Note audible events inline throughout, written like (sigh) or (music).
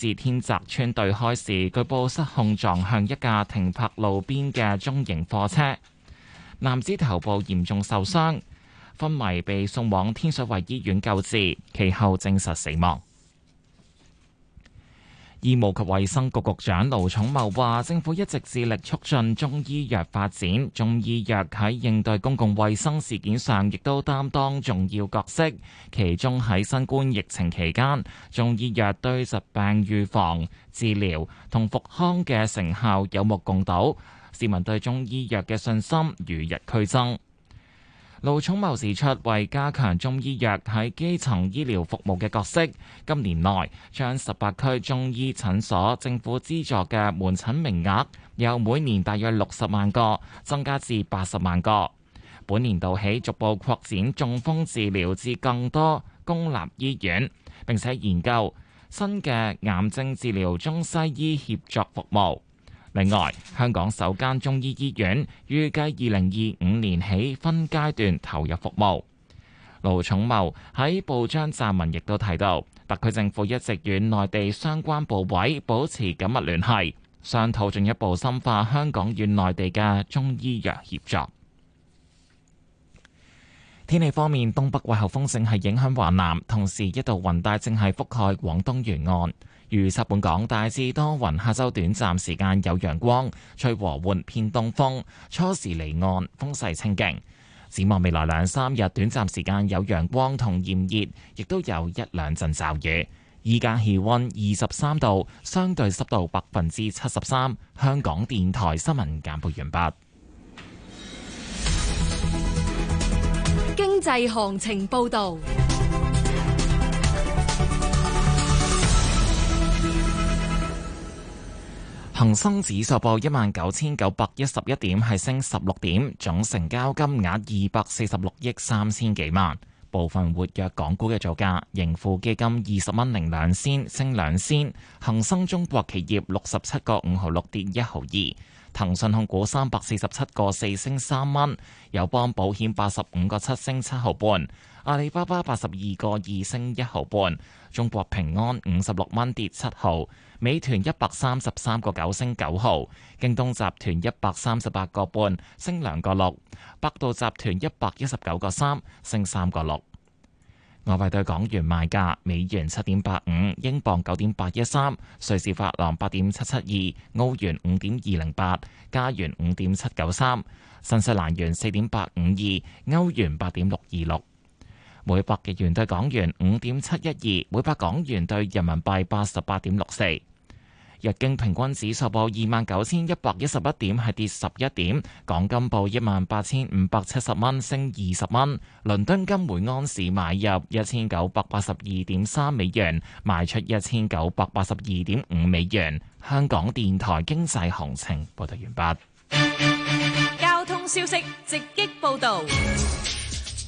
自天澤村對開時，據報失控撞向一架停泊路邊嘅中型貨車，男子頭部嚴重受傷，昏迷被送往天水圍醫院救治，其後證實死亡。醫務及衛生局局長盧寵茂話，政府一直致力促進中醫藥發展，中醫藥喺應對公共衛生事件上亦都擔當重要角色。其中喺新冠疫情期間，中醫藥對疾病預防、治療同復康嘅成效有目共睹，市民對中醫藥嘅信心與日俱增。盧寵茂指出，為加強中醫藥喺基層醫療服務嘅角色，今年內將十八區中醫診所政府資助嘅門診名額由每年大約六十萬個增加至八十萬個。本年度起逐步擴展中風治療至更多公立醫院，並且研究新嘅癌症治療中西醫協作服務。另外，香港首間中醫醫院預計二零二五年起分階段投入服務。盧寵茂喺報章撰文亦都提到，特區政府一直與內地相關部委保持緊密聯繫，商討進一步深化香港與內地嘅中醫藥協作。天氣方面，東北季候風正係影響華南，同時一度雲帶正係覆蓋廣東沿岸。預測本港大致多雲，下周短暫時間有陽光，吹和緩偏東風，初時離岸風勢清勁。展望未來兩三日，短暫時間有陽光同炎熱，亦都有一兩陣驟雨。依家氣溫二十三度，相對濕度百分之七十三。香港電台新聞簡報完畢。經濟行情報道。恒生指數報一萬九千九百一十一點，係升十六點，總成交金額二百四十六億三千幾萬。部分活躍港股嘅造價，盈富基金二十蚊零兩仙升兩仙，恒生中國企業六十七個五毫六跌一毫二。騰訊控股三百四十七個四升三蚊，友邦保險八十五個七升七毫半，阿里巴巴八十二個二升一毫半，中國平安五十六蚊跌七毫，美團一百三十三個九升九毫，京東集團一百三十八個半升兩個六，百度集團一百一十九個三升三個六。外幣對港元賣價：美元七點八五，英鎊九點八一三，瑞士法郎八點七七二，歐元五點二零八，加元五點七九三，新西蘭元四點八五二，歐元八點六二六。每百日元對港元五點七一二，每百港元對人民幣八十八點六四。日經平均指數報二萬九千一百一十一點，係跌十一點。港金報一萬八千五百七十蚊，升二十蚊。倫敦金每安士買入一千九百八十二點三美元，賣出一千九百八十二點五美元。香港電台經濟行情報道完畢。交通消息直擊報道。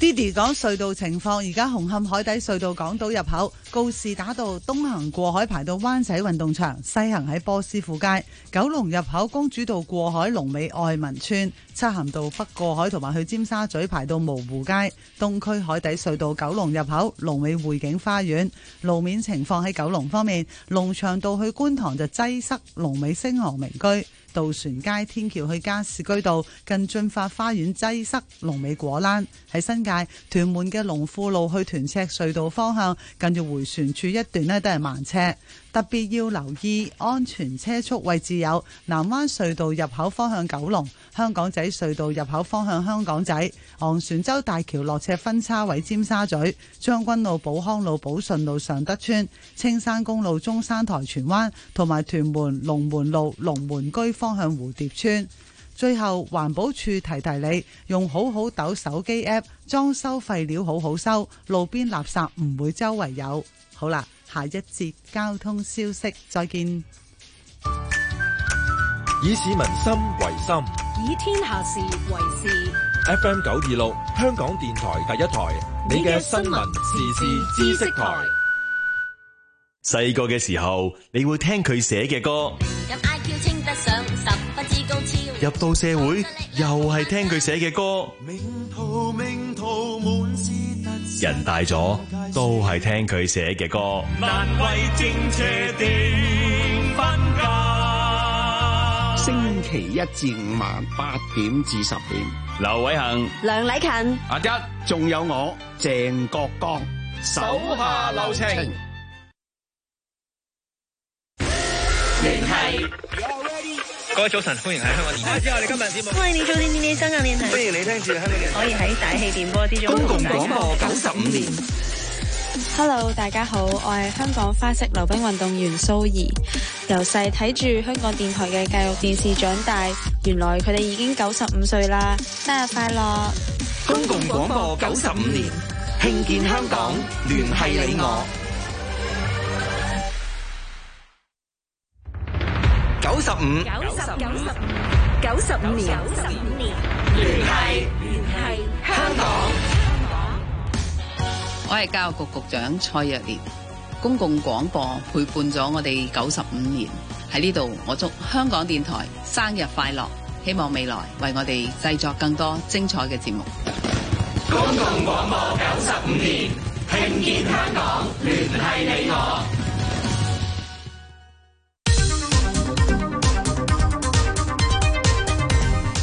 Diddy 講隧道情況，而家紅磡海底隧道港島入口告士打道東行過海排到灣仔運動場，西行喺波斯富街；九龍入口公主道過海龍尾愛民村，漆咸道北過海同埋去尖沙咀排到蕪湖街；東區海底隧道九龍入口龍尾匯景花園。路面情況喺九龍方面，龍翔道去觀塘就擠塞，龍尾星河名居。渡船街天橋去加士居道近駿發花園擠塞，龍尾果欄。喺新界屯門嘅龍富路去屯赤隧道方向近住回旋處一段呢，都係慢車。特別要留意安全車速位置，有南灣隧道入口方向九龍、香港仔隧道入口方向香港仔、昂船洲大橋落斜分叉位尖沙咀、將軍路、寶康路、寶順路尚德村、青山公路中山台荃灣同埋屯門龍門路龍門居方向蝴蝶村。最後環保署提提你，用好好抖手機 app 裝修廢料好好收，路邊垃圾唔會周圍有。好啦。下一節交通消息，再見。以市民心為心，以天下事為事。FM 九二六，香港電台第一台，你嘅新聞時聞事知識台。細個嘅時候，你會聽佢寫嘅歌。咁 IQ 稱得上十分之高超。入到社會，又係聽佢寫嘅歌。人大咗都係聽佢寫嘅歌。難為正邪定分界。星期一至五晚八點至十點，劉偉恒、梁禮勤、阿一，仲有我鄭國江，手下留情，聯繫。各位早晨，歡迎喺香港電台。我哋今日點？歡迎你做電電視生啊！歡迎你聽住香港電台。可以喺大氣電波之中。公共廣播九十五年。Hello，大家好，我係香港花式溜冰運動員蘇怡。由細睇住香港電台嘅教育電視長大，原來佢哋已經九十五歲啦！生日快樂！公共廣播九十五年，慶建香港，聯繫你我。九十五，九十五，九十五年，聯繫聯繫香港。我係教育局局長蔡若蓮，公共廣播陪伴咗我哋九十五年，喺呢度我祝香港電台生日快樂，希望未來為我哋製作更多精彩嘅節目。公共廣播九十五年，聽見香港，聯繫你我。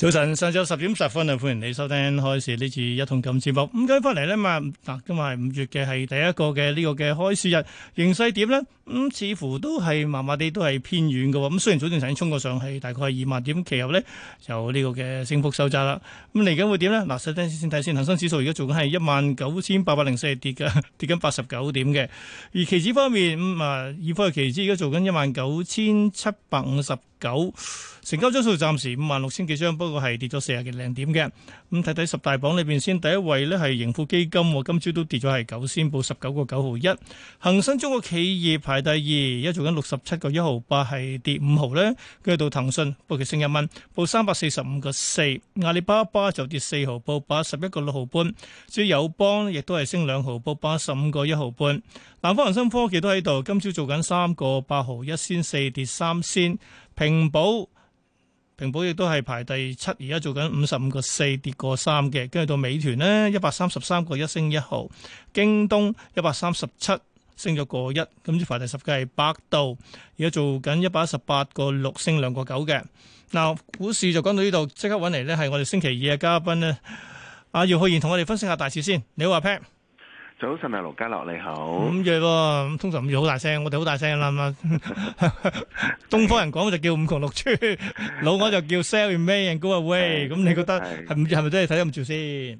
早晨，上晝十點十分啊！歡迎你收聽《開始呢次一桶金直播》。咁今日翻嚟呢。嘛，嗱今日係五月嘅，係第一個嘅呢個嘅開市日，形勢點呢？咁、嗯、似乎都係麻麻地，都係偏軟嘅喎。咁雖然早段時間衝過上去，大概二萬點，其後呢就呢個嘅升幅收窄啦。咁嚟緊會點呢？嗱，首先先睇先，恒生指數而家做緊係一萬九千八百零四跌嘅，跌緊八十九點嘅。而期指方面，咁、嗯、啊，二期貨期指而家做緊一萬九千七百五十。九成交張數暫時五萬六千幾張，不過係跌咗四十嘅零點嘅。咁睇睇十大榜裏邊，先第一位咧係盈富基金，今朝都跌咗，係九仙，報十九個九毫一。恒生中國企業排第二，而家做緊六十七個一毫八，係跌五毫咧。跟住到騰訊，報佢升一蚊，報三百四十五個四。阿里巴巴就跌四毫，報八十一個六毫半。至於友邦，亦都係升兩毫，報八十五個一毫半。南方恒生科技都喺度，今朝做緊三個八毫一仙四，跌三仙。平保。平保亦都係排第七，而家做緊五十五個四，跌過三嘅。跟住到美團咧，一百三十三個一升一毫，京東一百三十七升咗個一，咁即排第十嘅係百度，而家做緊一百一十八個六，升兩個九嘅。嗱，股市就講到呢度，即刻搵嚟咧係我哋星期二嘅嘉賓咧、啊，阿姚浩然同我哋分析下大市先。你好，阿、啊、Pat？早晨啊，盧家樂你好。五月喎，通常五月好大聲，我哋好大聲啦嘛。 (laughs) 東方人講就叫五窮六絕，老外就叫 sell in May and go away。咁、 (laughs) 嗯、你覺得係唔係真係睇得五住先？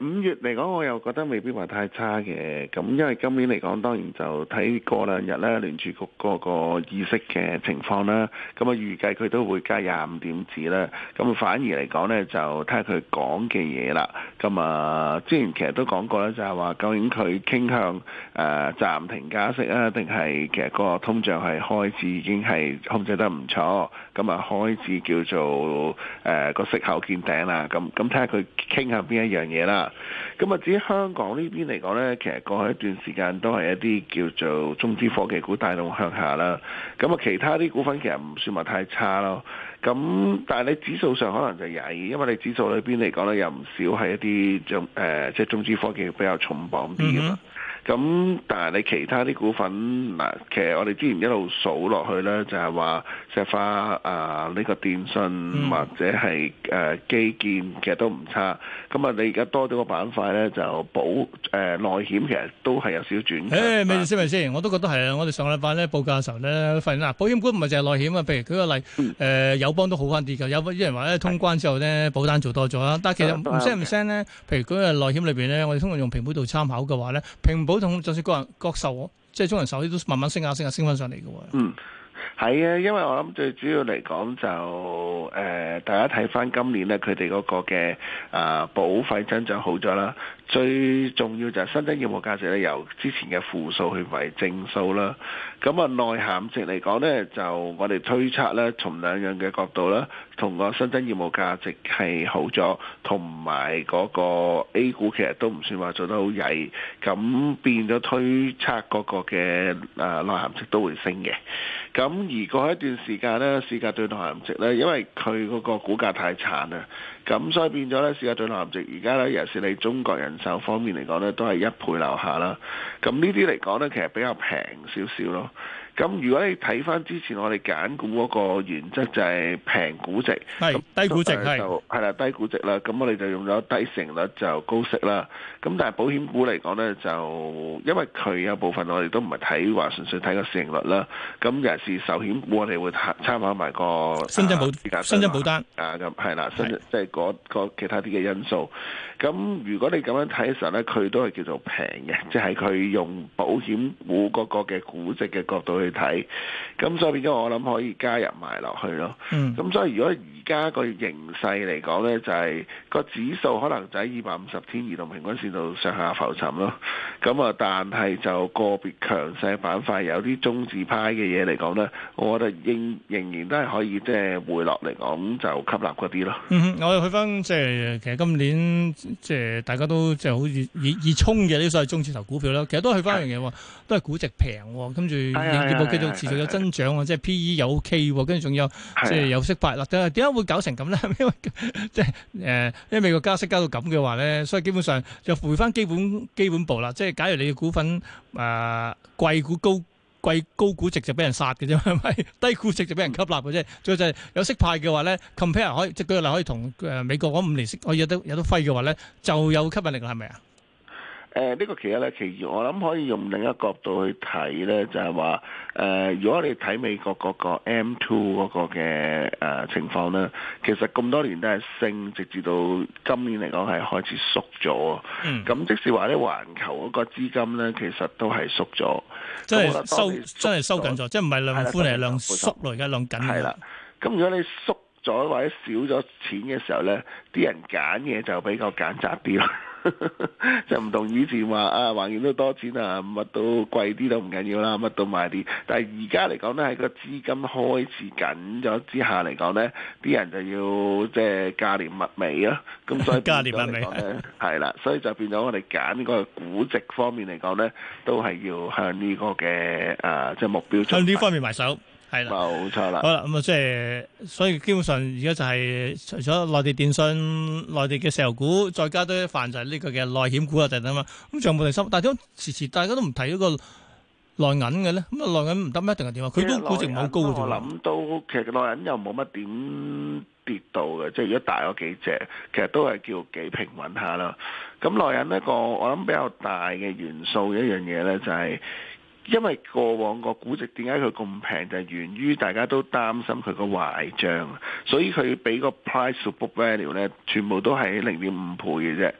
五月嚟講，我又覺得未必話太差嘅，咁因為今年嚟講，當然就睇過兩日呢聯儲局嗰個議息嘅情況啦。咁啊，預計佢都會加廿五點子啦。咁反而嚟講呢，就睇下佢講嘅嘢啦。咁啊，之前其實都講過啦，就係話究竟佢傾向誒暫停加息啊，定係其實個通脹係開始已經係控制得唔錯。咁啊，開始叫做誒個食口見頂啦，咁咁睇下佢傾下邊一樣嘢啦。咁啊，至於香港呢邊嚟講呢，其實過去一段時間都係一啲叫做中資科技股帶動向下啦。咁啊，其他啲股份其實唔算話太差咯。咁但係你指數上可能就曳，因為你指數裏邊嚟講呢，有唔少係一啲中誒即係中資科技比較重磅啲。咁但係你其他啲股份嗱，其實我哋之前一路數落去咧，就係、是、話石化啊，呢、呃這個電信、嗯、或者係誒、呃、基建，其實都唔差。咁啊，你而家多咗個板塊咧，就保誒、呃、內險，其實都係有少少轉向。誒 Hey, 但，咩意思？咪先？我都覺得係啊！我哋上個禮拜咧報價嘅時候咧，發現嗱，保險股唔係淨係內險啊。譬如舉個例，誒友邦都好翻啲㗎。有啲人話咧，通關之後咧，的保單做多咗啦。但係其實唔聲唔聲咧，Okay. 譬如佢個內險裏邊咧，我哋通常用平保度參考嘅話咧，平保。就算個人國壽，即係中人壽啲都慢慢升下升下升翻上嚟嘅喎。嗯係啊，因為我諗最主要嚟講就誒、呃，大家睇返今年咧，佢哋嗰個嘅啊、呃、保費增長好咗啦。最重要就係新增業務價值咧，由之前嘅負數去為正數啦。咁啊，內涵值嚟講呢，就我哋推測咧，從兩樣嘅角度啦，同個新增業務價值係好咗，同埋嗰個 A 股其實都唔算話做得好曳，咁變咗推測嗰個嘅啊內涵值都會升嘅。咁而過一段時間呢，市價對內含值呢，因為佢嗰個股價太殘啊，咁所以變咗呢，市價對內含值。而家呢，尤其是你中國人壽方面嚟講呢，都係一倍樓下啦。咁呢啲嚟講呢，其實比較平少少咯。咁如果你睇翻之前我哋揀股嗰個原則，就係平估值，咁是那低估值係，係啦低估值啦。咁我哋就用咗低市盈率就高息啦。咁但係保險股嚟講咧，就因為佢有部分我哋都唔係睇話，純粹睇個市盈率啦。咁尤其是壽險股，我哋會參考埋、嗰個新增保，啊、新增保單啊，咁係啦，即係嗰其他啲嘅因素。咁如果你咁樣睇嘅時候咧，佢都係叫做平嘅，即係佢用保險股嗰個嘅估值嘅角度去睇。咁所以變咗我諗可以加入埋落去咯。咁、嗯、所以如果而家個形勢嚟講咧，就係、是、個指數可能就喺二百五十天移動平均線度上下浮沉咯。咁啊，但係就個別強勢板塊有啲中字派嘅嘢嚟講咧，我覺得仍仍然都係可以即係回落嚟講就吸納嗰啲咯。嗯，我哋去翻即係其實今年。即係大家都即係好似熱熱衷嘅呢啲所謂中字頭股票啦，其實都係翻一樣嘢都係估值平，跟住業務繼續持續有增長，的即係 P E 又 OK，跟住仲有的即係有息發啦，點解會搞成咁咧？ (laughs) 因為即係誒因為美國加息加到咁嘅話咧，所以基本上就回翻基本基本步啦。即係假如你嘅股份誒貴、呃、股高，高。貴高估值就俾人殺嘅啫，係 (laughs) 咪低估值就俾人吸納嘅啫？嗯、仲有就係有息派嘅話咧，compare 可以即舉例，可以同誒美國講五年息可以有得有得揮嘅話咧，就有吸引力，係咪啊？誒呢、呃這個其實咧，其實我諗可以用另一角度去睇咧，就係話誒，如果你睇美國嗰個 M2 嗰個嘅誒、呃、情況咧，其實咁多年都係升，直至到今年嚟講係開始縮咗。嗯。咁即使話咧，環球嗰個資金咧，其實都係縮咗，即係收真係收緊咗，即係唔係量寬嚟，就是、量縮嚟嘅錯量緊。係啦。咁如果你縮咗或者少咗錢嘅時候咧，啲人揀嘢就比較揀擇啲咯。 (laughs) 就唔同以前話啊，環境都多錢啊，乜都貴啲都唔緊要啦，乜都賣啲。但係而家嚟講咧，喺個資金開始緊咗之下嚟講咧，啲人就要即係價廉物美咯。咁所以價廉物美咧，係啦，所以就變咗我哋揀個估值方面嚟講咧，都係要向呢個嘅誒，即係目標向呢方面埋手。係啦，冇錯啦。好啦，咁啊，即係所以基本上而家就係除咗內地電信、內地嘅石油股，再加多一份就係呢個嘅內險股啊，就等等嘛。咁仲有冇第三，但點解遲遲大家都唔睇嗰個內銀嘅咧？咁啊，內銀唔得咩？定係點啊？佢都估值好高嘅。我諗都其實內銀又冇乜點跌到嘅，即係如果大嗰幾隻，其實都係叫幾平穩下啦。咁內銀呢個我諗比較大嘅元素一樣嘢咧，就係。因為過往個估值點解佢咁平，就係、是、源於大家都擔心佢個壞帳，所以佢俾個 price to book value 咧，全部都係零點五倍嘅啫。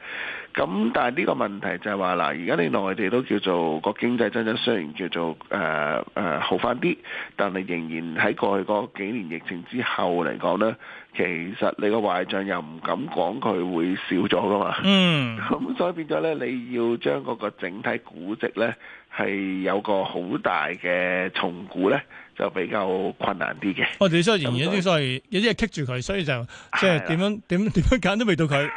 咁但係呢個問題就係話嗱，而家你內地都叫做個經濟增長雖然叫做誒誒、呃呃、好翻啲，但係仍然喺過去嗰幾年疫情之後嚟講咧。其實你個壞賬又唔敢講，佢會少咗㗎嘛。嗯，咁 (laughs) 所以變咗咧，你要將嗰個整體估值咧係有個好大嘅重估咧，就比較困難啲嘅。我哋、哦、所以仍然都所以有啲係棘住佢，所以就即係點樣點點樣揀都未到佢。哎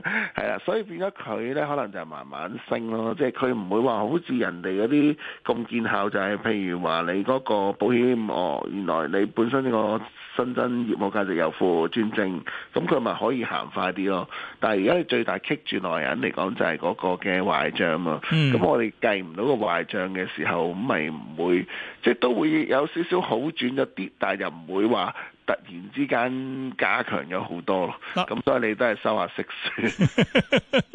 係啊， (laughs) 所以變咗佢咧，可能就慢慢升咯。即係佢唔會話好似人哋嗰啲咁見效，就係、是、譬如話你嗰個保險哦，原來你本身呢個新增業務價值有負轉正，咁佢咪可以行快啲咯。但係而家最大棘住來人嚟講，就係嗰個嘅壞帳啊。咁、嗯、我哋計唔到個壞帳嘅時候，咁咪唔會即係都會有少少好轉一啲，但係又唔會話。突然之間加強咗好多咯，咁所以你都係收下息先、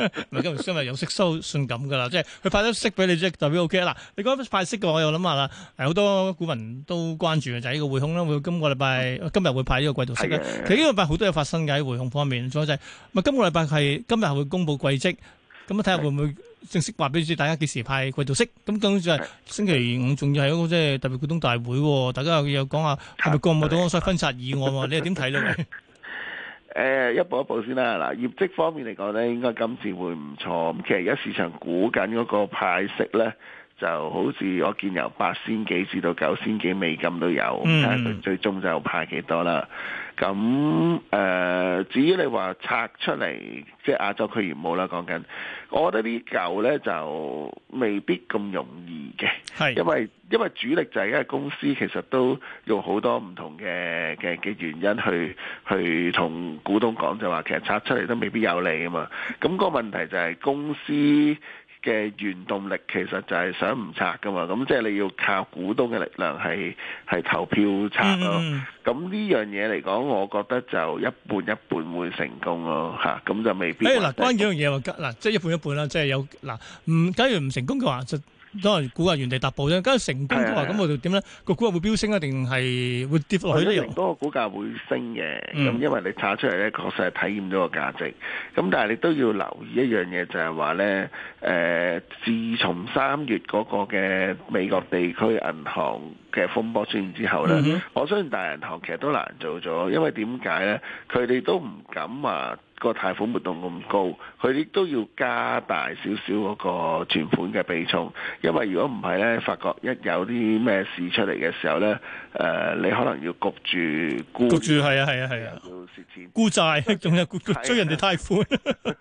啊。唔 (laughs) 係今日有息收信咁㗎啦，即係佢派咗息俾你，即係代表 O K 啦。你講派息嘅，我又諗下啦。好多股民都關注嘅，就係、是、呢個匯控啦。會、嗯、今個禮拜今日會派呢個季度息啦。的其實呢個禮拜好多嘢發生嘅喺匯控方面，所以即係唔係今個禮拜係今日會公布季績，咁啊睇下會唔會？正式話俾你知，大家幾時派季度息？咁跟住星期五仲要係一個即係特別股東大會喎，大家又講下係咪過唔到嗰個分拆議案喎？你點睇咧？誒 (laughs) 呃，一步一步先啦。嗱，業績方面嚟講咧，應該今次會唔錯。其實而家市場估緊嗰個派息咧，就好似我見由八千幾至到九千幾美金都有，嗯、但係佢最終就派幾多啦。咁誒、呃，至於你話拆出嚟，即係亞洲區業務啦，講緊，我覺得呢嚿呢就未必咁容易嘅，係是因為因為主力就係因為公司其實都用好多唔同嘅嘅嘅原因去去同股東講，就話其實拆出嚟都未必有利啊嘛，咁、那個問題就係公司。嘅原動力其實就係想唔拆㗎嘛，咁即係你要靠股東嘅力量係係投票拆咯。咁呢樣嘢嚟講，我覺得就一半一半會成功咯，嚇，咁就未必。誒嗱，關於呢樣嘢話，嗱即係一半一半啦，即係有嗱，唔假如唔成功嘅話，就。都係股價，原地踏步啫。咁成功都話咁，我就點咧？個股價會飆升啊，定係會跌落去咧？好多人都估股價會升嘅，咁因為你查出嚟咧，確實係體驗到個價值。咁但係你都要留意一樣嘢，就係話咧，誒，自從三月嗰個嘅美國地區銀行嘅風波出現之後咧，我相信大銀行其實都難做咗，因為點解咧？佢哋都唔敢話。個貸款活動咁高，佢哋都要加大少少嗰個存款嘅比重，因為如果唔係咧，發覺一有啲咩事出嚟嘅時候咧，誒、呃，你可能要焗住沽住係啊係啊係啊，沽、啊啊啊、債仲有 (laughs) 追人哋貸款，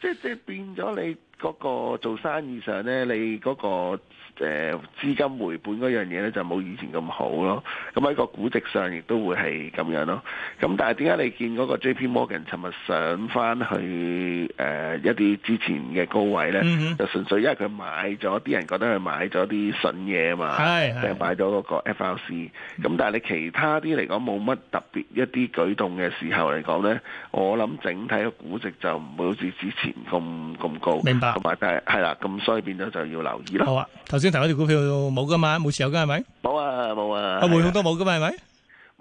即係即係變咗你嗰個做生意上咧，你嗰、那個。誒資金回本嗰樣嘢咧就冇以前咁好咯，咁喺個估值上亦都會係咁樣咯。咁但係點解你見嗰個 J.P.Morgan 尋日上返去誒、呃、一啲之前嘅高位咧？嗯、哼就純粹因為佢買咗啲人覺得佢買咗啲筍嘢啊嘛，即係是買咗嗰個 F.L.C. 咁但係你其他啲嚟講冇乜特別一啲舉動嘅時候嚟講咧，我諗整體嘅估值就唔會好似之前咁咁高。明白，同埋但係係啦，咁所以變咗就要留意啦。好啊。先頭嗰隻股票冇噶嘛，冇持有噶係咪？冇啊，冇啊。啊匯控都冇噶嘛，係咪？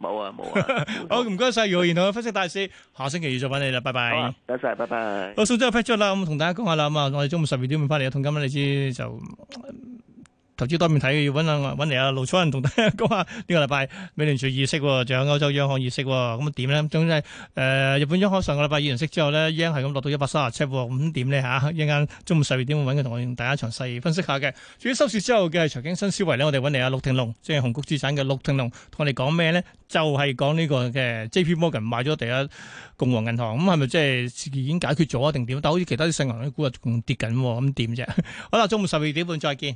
冇啊，冇吧啊。啊 (laughs) 好，唔該晒，余浩然同我分析大市，下星期二再揾你啦，拜拜。好、啊，多謝，拜拜。啊、我收咗個 p i c 啦，我同大家講下啦，咁啊，我哋中午十二點會翻嚟一桶金你知就。投資多面睇，要揾下揾嚟啊！盧楚仁同大家講下呢、這個禮拜美聯儲議息，仲有歐洲央行議息，咁點呢？總之，誒、呃、日本央行上個禮拜議完息之後呢，yen 係咁落到一百三十七喎，咁點咧嚇？一陣間中午十二點揾佢同我大家詳細分析下嘅。至於收市之後嘅係財經新思維呢，我哋揾嚟啊陸庭龍，即係紅谷資產嘅陸庭龍，同我哋講咩呢？就係、是、講呢個嘅 J.P. Morgan 買咗第一共和銀行，咁係咪即係已經解決咗定點？但好似其他啲細行啲股仲跌緊，咁點啫？好啦，中午十二點半再見。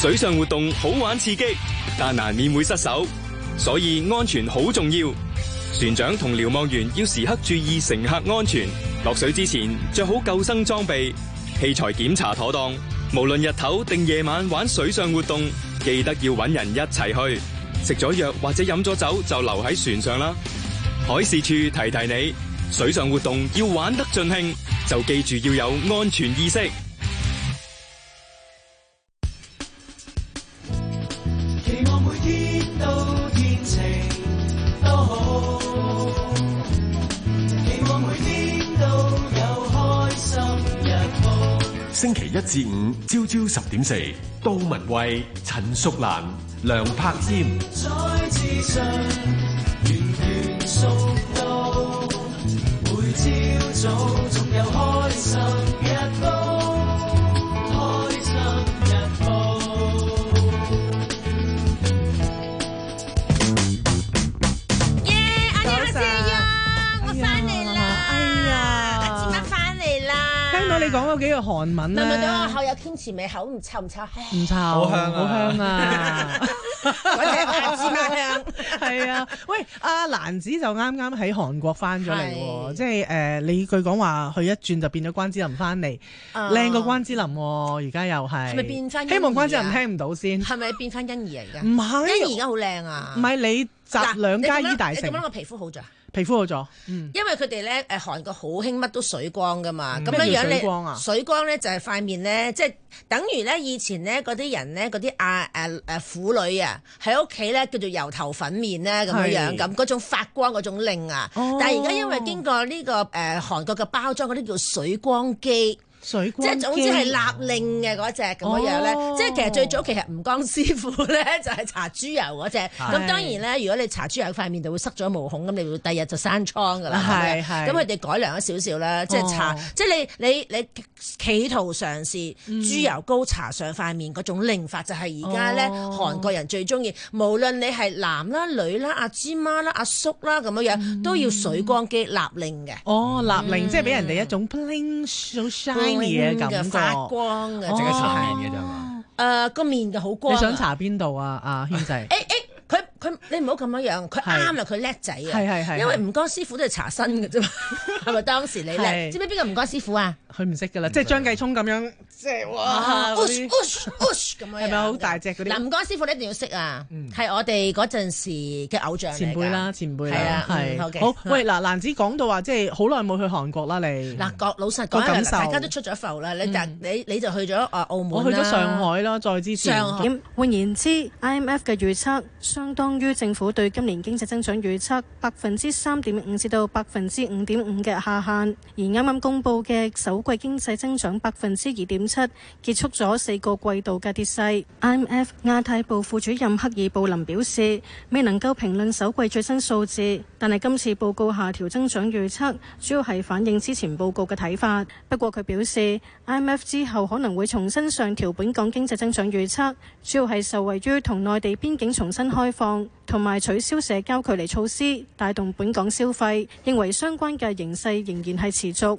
水上活動好玩刺激，但難免會失手，所以安全好重要。船長同瞭望員要時刻注意乘客安全。落水之前，着好救生裝備，器材檢查妥當。無論日頭定夜晚玩水上活動，記得要揾人一齊去。食咗藥或者飲咗酒就留喺船上啦。海事處提提你，水上活動要玩得盡興，就記住要有安全意識。星期一至五，朝朝十點四，杜文蔚、陳淑蘭、梁柏堅。你講咗幾個韓文啦？聞唔聞到我口有天池味？口唔臭唔臭？唔臭，好香，好香啊！我睇我口先聞香，係啊！喂，阿蘭子就啱啱喺韓國翻咗嚟喎，即係誒你佢講話佢一轉就變咗關之琳翻嚟，靚過關之琳喎，而家又係。係咪變翻？希望關之琳聽唔到先。係咪變翻欣宜嚟㗎？唔係欣宜而家好靚啊！唔係你集兩家於大成。你點樣個皮膚好咗？皮膚好咗，嗯、因為佢哋咧，誒，韓國好興乜都水光㗎嘛，咁、嗯、樣樣咧，水光啊，水光咧就係塊面咧，即、就、係、是、等於咧以前咧嗰啲人咧，嗰啲阿誒誒婦女啊，喺屋企咧叫做油頭粉面咧，咁是樣樣咁，嗰種發光嗰種靚啊，哦、但係而家因為經過呢、這個誒韓、呃、國嘅包裝，嗰啲叫水光肌。水即係總之係立令嘅嗰隻咁樣樣咧，即係其實最早其實係吳江師傅咧就係搽豬油嗰隻，咁當然咧如果你搽豬油塊面就會塞咗毛孔咁，你會第日就生瘡㗎啦。係係，咁佢哋改良咗少少啦，即係搽，即係你你你企圖嘗試豬油膏搽上塊面嗰種令法，就係而家咧韓國人最中意，無論你係男啦、女啦、阿芝媽啦、阿叔啦咁樣樣，都要水光肌立令嘅。哦，立令即係俾人哋一種面嘅發光嘅，淨係搽面嘅啫嘛。誒個面就好光。你想搽邊度啊？阿、 (laughs) 啊、軒仔。誒誒、 (laughs) 欸，佢、欸、佢，你唔好咁樣。佢啱啊，佢叻仔啊。係係係。因為吳江師傅都係搽身嘅啫，係咪 (laughs) (laughs) 當時你叻？是知唔知邊個吳江師傅啊？佢唔識噶啦，即係張繼聰咁樣。即係哇咁樣，係咪好大隻嗰啲？嗱，唔該，師傅你一定要識啊，係我哋嗰陣時嘅偶像前輩啦，前輩係啊，係好喂，嗱，蘭子講到話，即係好耐冇去韓國啦，你嗱，個老實講，大家都出咗埠啦，你你你就去咗澳門啦，去咗上海啦，再之前。上海。換言之，IMF 嘅預測相當於政府對今年經濟增長預測百分之三點五至到百分之五點五嘅下限，而啱啱公佈嘅首季經濟增長百分之二點七結束咗四個季度嘅跌勢。IMF 亞太部副主任克爾布林表示，未能夠評論首季最新數字，但係今次報告下調增長預測，主要係反映之前報告嘅睇法。不過佢表示，IMF 之後可能會重新上調本港經濟增長預測，主要係受惠於同內地邊境重新開放，同埋取消社交距離措施，帶動本港消費。認為相關嘅形勢仍然係持續。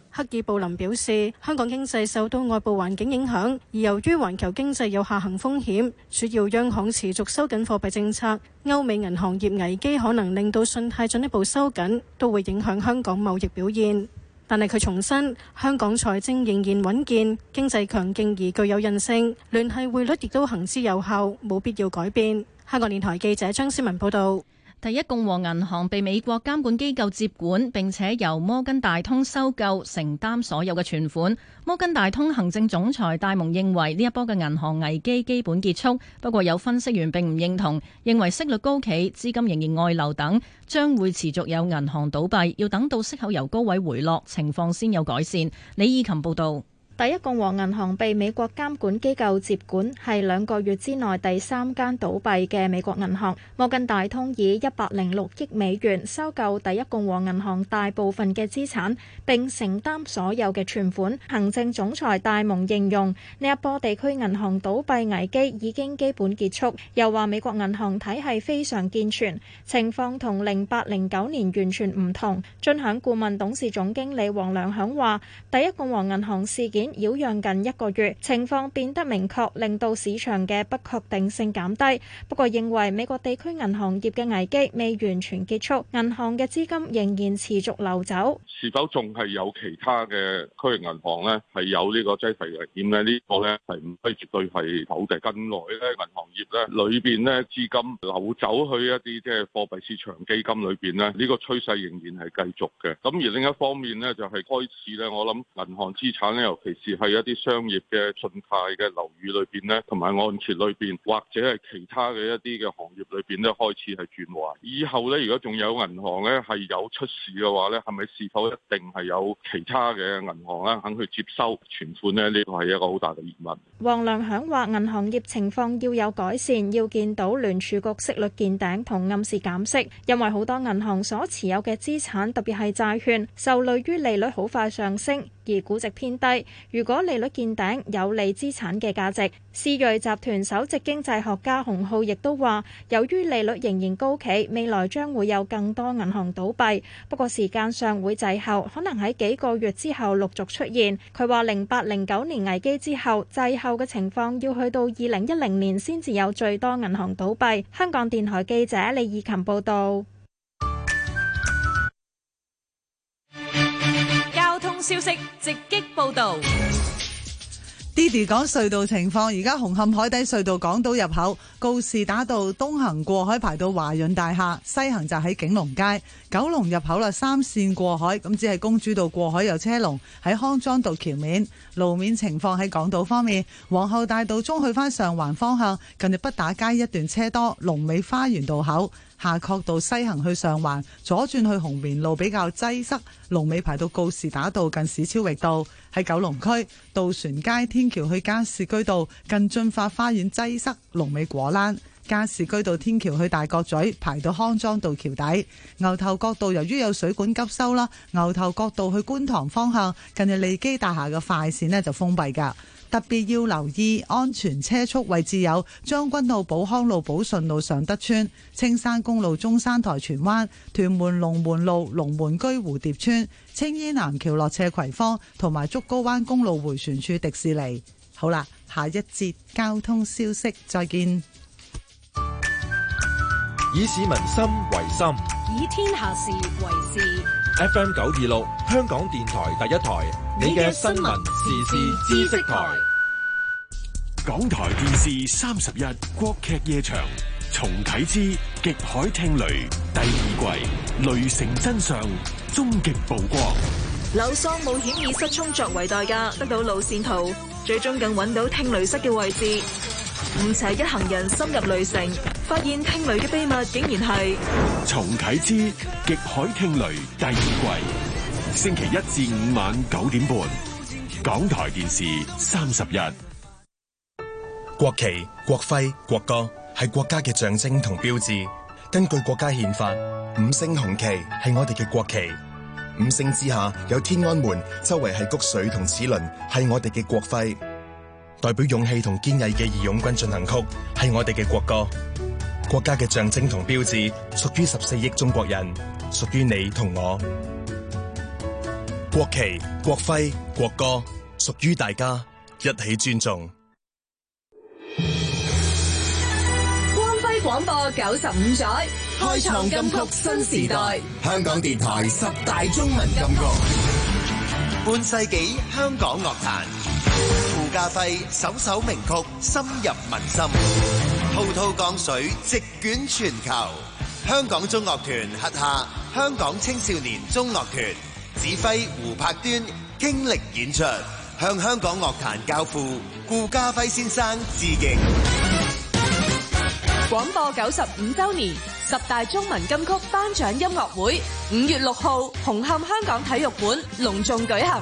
克爾布林表示，香港經濟受到外部環境影響，而由於環球經濟有下行風險，主要央行持續收緊貨幣政策，歐美銀行業危機可能令到信貸進一步收緊，都會影響香港貿易表現。但係佢重申，香港財政仍然穩健，經濟強勁而具有韌性，聯繫匯率亦都行之有效，冇必要改變。香港電台記者張思文報道。第一共和銀行被美國監管機構接管，並且由摩根大通收購，承擔所有嘅存款。摩根大通行政總裁戴蒙認為呢一波嘅銀行危機基本結束，不過有分析員並唔認同，認為息率高企、資金仍然外流等，將會持續有銀行倒閉，要等到息口由高位回落，情況先有改善。李以琴報導。第一共和銀行被美國監管機構接管，係兩個月之內第三間倒閉嘅美國銀行。摩根大通以一百零六億美元收購第一共和銀行大部分嘅資產，並承擔所有嘅存款。行政總裁戴蒙形容呢一波地區銀行倒閉危機已經基本結束，又話美國銀行體系非常健全，情況同零八零九年完全唔同。進行顧問董事總經理黃良響話：第一共和銀行事件。擾攘近一個月，情況變得明確，令到市場嘅不確定性減低。不過，認為美國地區銀行業嘅危機未完全結束，銀行嘅資金仍然持續流走。是否仲係有其他嘅區域性銀行呢？係有呢個擠兌危險呢？呢個呢，係唔可以絕對係否定。近來咧，銀行業呢裏邊呢，資金流走去一啲即係貨幣市場基金裏邊呢，呢個趨勢仍然係繼續嘅。咁而另一方面呢，就係開始呢，我諗銀行資產呢，尤其。是係一啲商業嘅信貸嘅樓宇裏邊呢，同埋按揭裏邊，或者係其他嘅一啲嘅行業裏邊呢，開始係轉壞。以後呢，如果仲有銀行咧係有出事嘅話呢，係咪是否一定係有其他嘅銀行咧肯去接收存款呢？呢個係一個好大嘅疑問。黃良響，話銀行業情況要有改善，要見到聯儲局息率見頂同暗示減息，因為好多銀行所持有嘅資產，特別係債券，受累於利率好快上升。而估值偏低，如果利率見頂，有利資產嘅價值。思睿集團首席經濟學家洪浩亦都話，由於利率仍然高企，未來將會有更多銀行倒閉，不過時間上會滯後，可能喺幾個月之後陸續出現。佢話零八零九年危機之後，滯後嘅情況要去到二零一零年先至有最多銀行倒閉。香港電台記者李怡琴報道。消息直擊報道 d i d y 講隧道情況，而家紅磡海底隧道港島入口告士打道東行過海排到華潤大廈，西行就喺景隆街，九龍入口啦，三線過海，咁只係公主道過海有車龍，喺康莊道橋面。路面情況，喺港島方面，皇后大道中去返上環方向，近日北打街一段車多，龍尾花園道口。夏慤道西行去上環，左轉去紅棉路比較擠塞，龍尾排到告士打道近史超域道。喺九龍區渡船街天橋去加士居道近駿發花園擠塞，龍尾果欄加士居道天橋去大角咀排到康莊道橋底。牛頭角道由於有水管急收啦，牛頭角道去觀塘方向近日利基大廈嘅快綫呢就封閉噶。特別要留意安全車速位置有將軍澳、寶康路、寶順路上德村、青山公路中山台、荃灣、屯門龍門路、龍門居蝴蝶村、青衣南橋落斜葵芳同埋竹篙灣公路回旋處迪士尼。好啦，下一節交通消息，再見。以市民心為心，以天下事為事。FM 九二六，香港電台第一台，你嘅新聞時事知識台。港台電視三十一國劇夜場重啟之極海聽雷第二季，雷城真相終極曝光。劉喪冒險以失聰作為代價，得到路線圖，最終更搵到聽雷室嘅位置。吳邪一行人深入雷城，發現聽雷嘅秘密竟然係重啟之極海聽雷第二季。星期一至五晚九點半，港台電視三十日。國旗、國徽、國歌係國家嘅象徵同標誌。根據國家憲法，五星紅旗係我哋嘅國旗。五星之下有天安門，周圍係穀穗同齒輪，係我哋嘅國徽。代表勇氣同堅毅嘅義勇軍進行曲係我哋嘅國歌，國家嘅象徵同標誌屬於十四億中國人，屬於你同我。國旗、國徽、國歌屬於大家，一起尊重。光輝廣播九十五載，開創金曲新時代，時代香港電台十大中文金曲，金曲半世紀香港樂壇。顧嘉輝首首名曲深入民心，滔滔江水席捲全球。香港中樂團、轄下香港青少年中樂團指揮胡柏端傾力演唱，向香港樂壇教父顧嘉輝先生致敬。廣播九十五周年十大中文金曲頒獎音樂會五月六號紅磡香港體育館隆重舉行。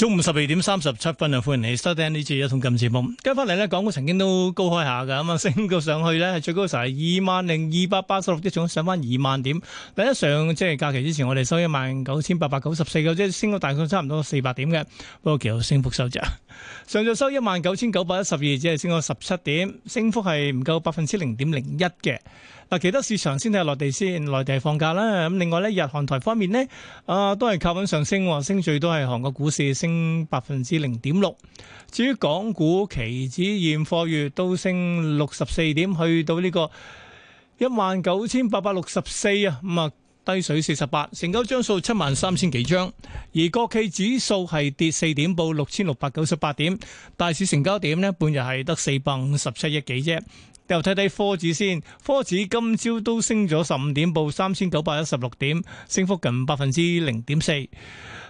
中午十二點三十七分啊，歡迎你收聽呢次一桶金節目。跟翻嚟咧，港股曾經都高開下噶，咁、嗯、啊升到上去咧，係最高時係二萬零二百八十六點，仲上翻二萬點。第一上即係假期之前，我哋收一萬九千八百九十四，即係升到大概差唔多四百點嘅。不過其實升幅收窄，上晝，收一萬九千九百一十二，只係升咗十七點，升幅係唔夠百分之零點零一嘅。嗱，其他市場先睇落地先，內地放假啦。咁另外咧，日韓台方面呢，啊都係靠緊上升，升最多係韓國股市升百分之零點六。至於港股期指現貨月都升六十四點，去到呢個一萬九千八百六十四啊，咁啊低水四十八，成交張數七萬三千幾張。而國企指數係跌四點，報六千六百九十八點。大市成交點呢，半日係得四百五十七億幾啫。又睇睇科指先，科指今朝都升咗十五點，報三千九百一十六點，升幅近百分之零點四。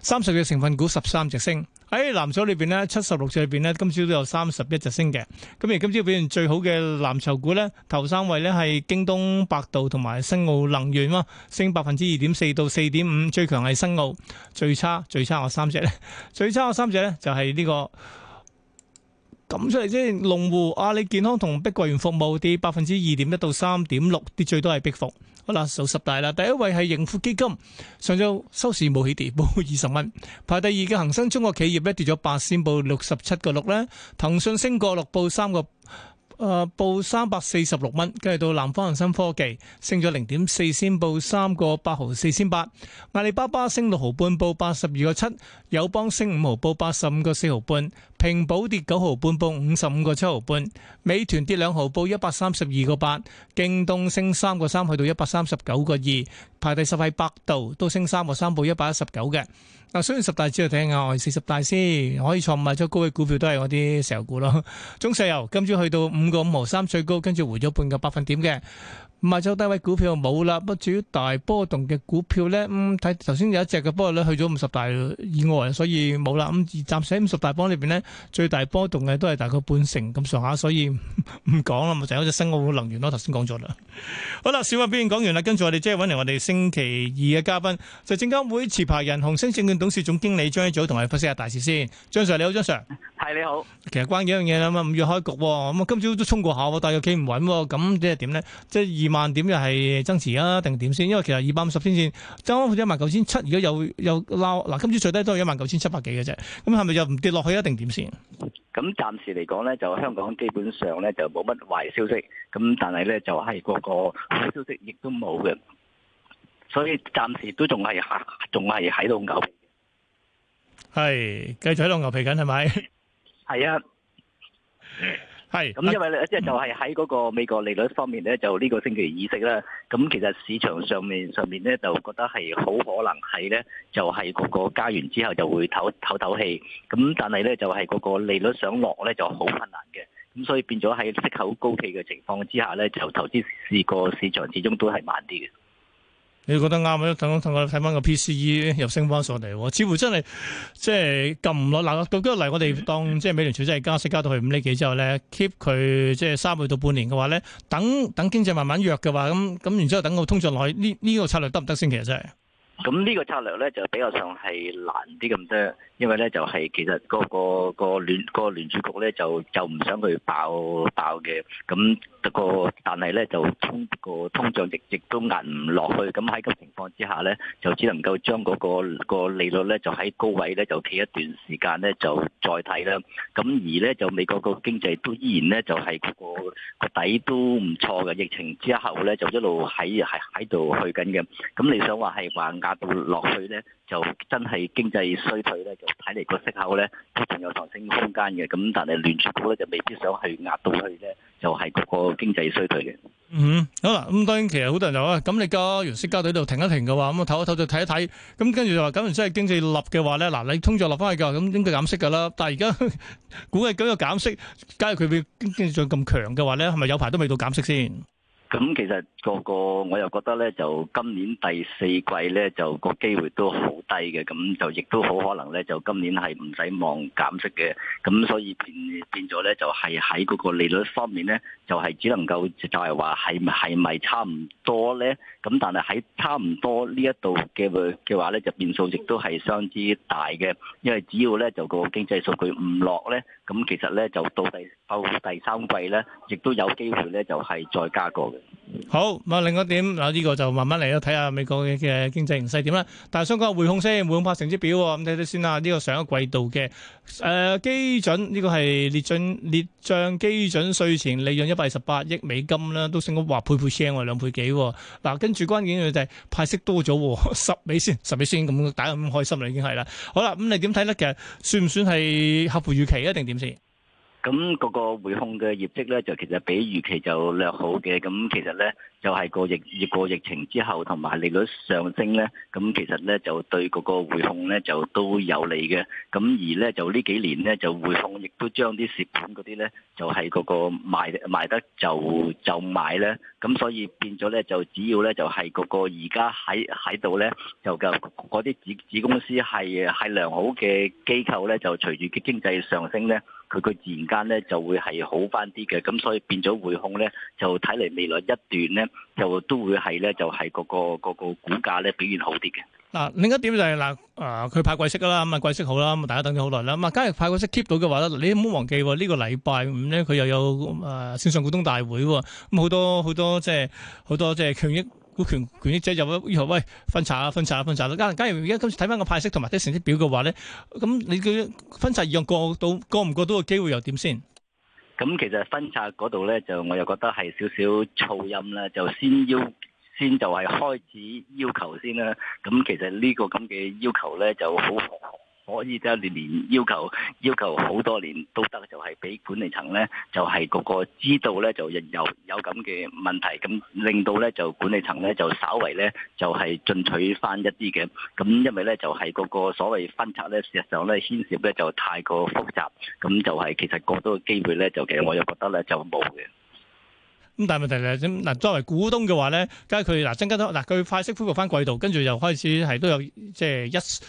三十隻成分股十三隻升，喺藍籌裏邊咧，七十六隻裏邊咧，今朝都有三十一隻升嘅。咁而今朝表現最好嘅藍籌股咧，頭三位咧係京東、百度同埋新奧能源啦，升百分之二點四到四點五。最強係新奧，最差最差我三隻咧，最差我三隻咧就係呢個。咁出嚟先，龍湖、阿、啊、里健康同碧桂園服務跌百分之二點一到三點六，跌最多係碧服。好啦，數十大啦，第一位係盈富基金，上晝收市冇起跌，報二十蚊。排第二嘅恒生中國企業咧跌咗八仙，報六十七個六咧。騰訊升過六，報三個。誒、呃，報三百四十六蚊，跟住到南方恒生科技升咗零點四仙，先報三個八毫四仙八。阿里巴巴升六毫半，報八十二個七。友邦升五毫，報八十五個四毫半。平保跌九毫半報，報五十五個七毫半。美團跌兩毫，報一百三十二個八。京東升三個三，去到一百三十九個二。排第十係百度，都升三個三，報一百一十九嘅。嗱，雖然十大之後去睇下，我係四十大先可以創買出高嘅股票，都係我啲石油股咯。中石油今朝去到五個五毫三最高，跟住回咗半個百分點嘅。賣咗低位股票冇啦，不至於大波動嘅股票咧。咁睇頭先有一隻嘅，波去咗五十大以外，所以冇啦。咁、嗯、而暫時五十大波裏邊呢，最大波動嘅都係大概半成咁上下，所以唔講啦。咪就有一隻新奧能源咯，頭先講咗啦。 (laughs) 好啦，小額表現講完啦，跟住我哋即係揾嚟我哋星期二嘅嘉賓，就證監會持牌人紅星證券董事總經理張一祖同我哋分析下大事先。張 Sir 你好，張 Sir。係你好，其實關幾樣嘢啊嘛，五月開局咁啊，今朝都衝過下，但係又企唔穩，咁即係點咧？即係二萬點又係增持啊，定點先？因為其實二百五十天線收翻一萬九千七，如果又又撈嗱，今朝最低都係一萬九千七百幾嘅啫。咁係咪又唔跌落去一定點先？咁、嗯、暫時嚟講咧，就香港基本上咧就冇乜壞消息，咁但係咧就係嗰個好消息亦都冇嘅，所以暫時都仲係仲係喺度牛皮。係繼續喺度牛皮緊係咪？係啊，係，咁的、嗯、因為咧，即係就係喺嗰個美國利率方面咧，就呢個星期議息啦。咁其實市場上面上面咧，就覺得係好可能係咧，就係嗰個加完之後就會透透透氣。咁但係咧，就係嗰個利率上落咧就好困難嘅。咁所以變咗喺息口高企嘅情況之下咧，就投資市個市場始終都係慢啲嘅。你覺得啱咩？等等等我睇翻個 PCE 又升翻上嚟，似乎真係即係撳唔落嗱。舉個例嚟我哋當即係美聯儲真係加息加到去五厘幾之後咧，keep 佢即係三個到半年嘅話咧，等等經濟慢慢弱嘅話，咁咁然之後等個通脹落去，呢、呢、呢個策略得唔得先？其實真係。咁呢個策略咧就比較上係難啲咁多，因為咧就係其實個個個聯個聯儲局咧就就唔想佢爆爆嘅，咁個但係咧就通個通脹亦亦都壓唔落去，咁喺個情況之下咧就只能夠將嗰個個利率咧就喺高位咧就企一段時間咧就再睇啦。咁而咧就美國個經濟都依然咧就係個個底都唔錯嘅，疫情之後咧就一路喺係喺度去緊嘅。咁你想話係還壓？壓到落去咧，就真係經濟衰退咧，就睇嚟個息口咧都仲有上升空間嘅。咁但係聯儲局咧就未必想去壓到去咧，就係個經濟衰退嘅。嗯，好啦，咁當然其實好多人就話，咁你個原息交到呢度停一停嘅話，咁啊唞一唞就睇一睇。咁跟住就話，咁真係經濟立嘅話咧，嗱，你通脹立翻去㗎，咁應該減息㗎啦。但係而家估計嗰個減息，假如佢經濟上咁強嘅話咧，係咪有排都未到減息先？咁其實個個我又覺得咧，就今年第四季咧，就個機會都好低嘅，咁就亦都好可能咧，就今年係唔使望減息嘅，咁所以變變咗咧，就係喺嗰個利率方面咧，就係只能夠就係話係係咪差唔多咧？咁但係喺差唔多呢一度嘅嘅話咧，就變數亦都係相之大嘅，因為只要咧就個經濟數據唔落咧。咁其實咧，就到第到第三季咧，亦都有機會咧，就係再加個嘅。好，唔係另一點嗱，呢個就慢慢嚟咯，睇下美國嘅嘅經濟形勢點啦。但係想講匯控先，匯控派成績表，咁睇睇先啦。呢個上一個季度嘅誒基準，呢個係列帳列帳基準，稅前利潤一百二十八億美金啦，都升咗話倍倍聲喎，兩倍幾喎。嗱，跟住關鍵嘅就係派息多咗十美仙，十美仙咁打咁開心啦，已經係啦。好啦，咁你點睇咧？其實算唔算係合乎預期啊？定點？咁嗰、嗯那個匯控嘅業績咧，就其實比預期就略好嘅。咁其實咧。就係個疫疫過疫情之後，同埋利率上升咧，咁其實咧就對嗰個匯控咧就都有利嘅。咁而咧就呢幾年咧就匯控亦都將啲蝕本嗰啲咧，就係、是、嗰個賣，賣得就就買咧。咁所以變咗咧就只要咧就係嗰個而家喺喺度咧，就夠嗰啲子子公司係係良好嘅機構咧，就隨住經濟上升咧，佢佢自然間咧就會係好返啲嘅。咁所以變咗匯控咧，就睇嚟未來一段咧。就都會係咧，就係嗰個，個個股價咧表現好啲嘅。嗱、啊，另一點就係、是、嗱，誒、呃，佢派季息噶啦，咁啊，季息好啦，咁啊，大家等咗好耐啦。咁啊，梗係派季息 keep 到嘅話咧，你唔好忘記呢、這個禮拜五咧，佢又有誒、呃、線上股東大會喎，咁、嗯、好多好多即係好多即係權益股權權益者又會以後喂分拆啊分拆啊分拆啦。加梗係而家今次睇翻個派息同埋啲成績表嘅話咧，咁你嘅分拆要過到過唔過到嘅機會又點先？咁其實分拆嗰度咧，就我又覺得係少少噪音啦，就先要先就係開始要求先啦。咁其實呢個咁嘅要求咧，就好。可以，即係年年要求要求好多年都得，就係俾管理層咧，就係嗰個知道咧，就亦有有咁嘅問題，咁令到咧就管理層咧就稍微咧就係進取翻一啲嘅。咁因為咧就係嗰個所謂分拆咧，事實上咧牽涉咧就太過複雜，咁就係其實過多機會咧，就其實我又覺得咧就冇嘅。咁但係問題就咁嗱，作為股東嘅話咧，梗係佢嗱增加多嗱佢快速恢復翻軌道，跟住又開始係都有即係一。Yes,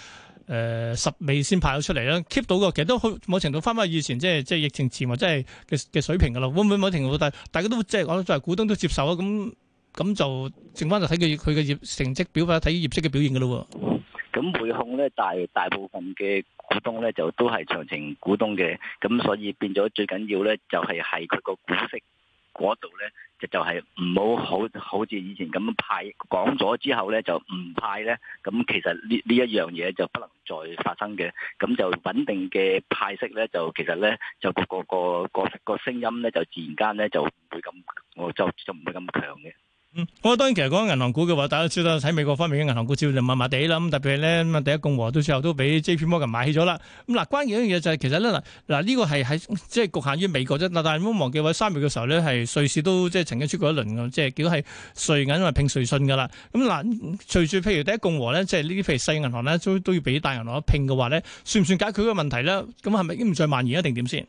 誒、呃，十尾先派咗出嚟啦，keep 到嘅，其實都好，某程度翻翻以前即係即係疫情前或即係嘅嘅水平噶啦，會唔會某程度大大家都即係、就是、我作為股東都接受啊？咁咁就剩翻就睇佢佢嘅業成績表睇業績嘅表現噶啦。咁匯控咧，大大部分嘅股東咧就都係長情股東嘅，咁所以變咗最緊要咧就係喺佢個股息嗰度咧。就就係唔好好好似以前咁樣派，講咗之後咧，就唔派咧。咁其實呢呢一樣嘢就不能再發生嘅。咁就穩定嘅派息咧，就其實咧，就個個個個聲音咧，就自然間咧就唔會咁，我就就唔會咁強嘅。嗯，好當然其實講銀行股嘅話，大家都知道喺美國方面嘅銀行股只就麻麻地啦，咁特別係咧咁啊，第一共和到時候都俾 J P Morgan 買起咗啦。咁、嗯、嗱、啊，關鍵嘅嘢就係、是、其實咧嗱，嗱、啊、呢、這個係喺即係局限於美國啫、啊。但係唔好忘記話，話三月嘅時候咧，係瑞士都即係、就是、曾經出過一輪即係叫係瑞銀啊拼瑞信噶啦。咁、啊、嗱，隨、啊、住譬如第一共和咧，即係呢啲譬如細銀行咧，都都要俾大銀行一拼嘅話咧，算唔算解決個問題咧？咁係咪已經唔再蔓延一定點先？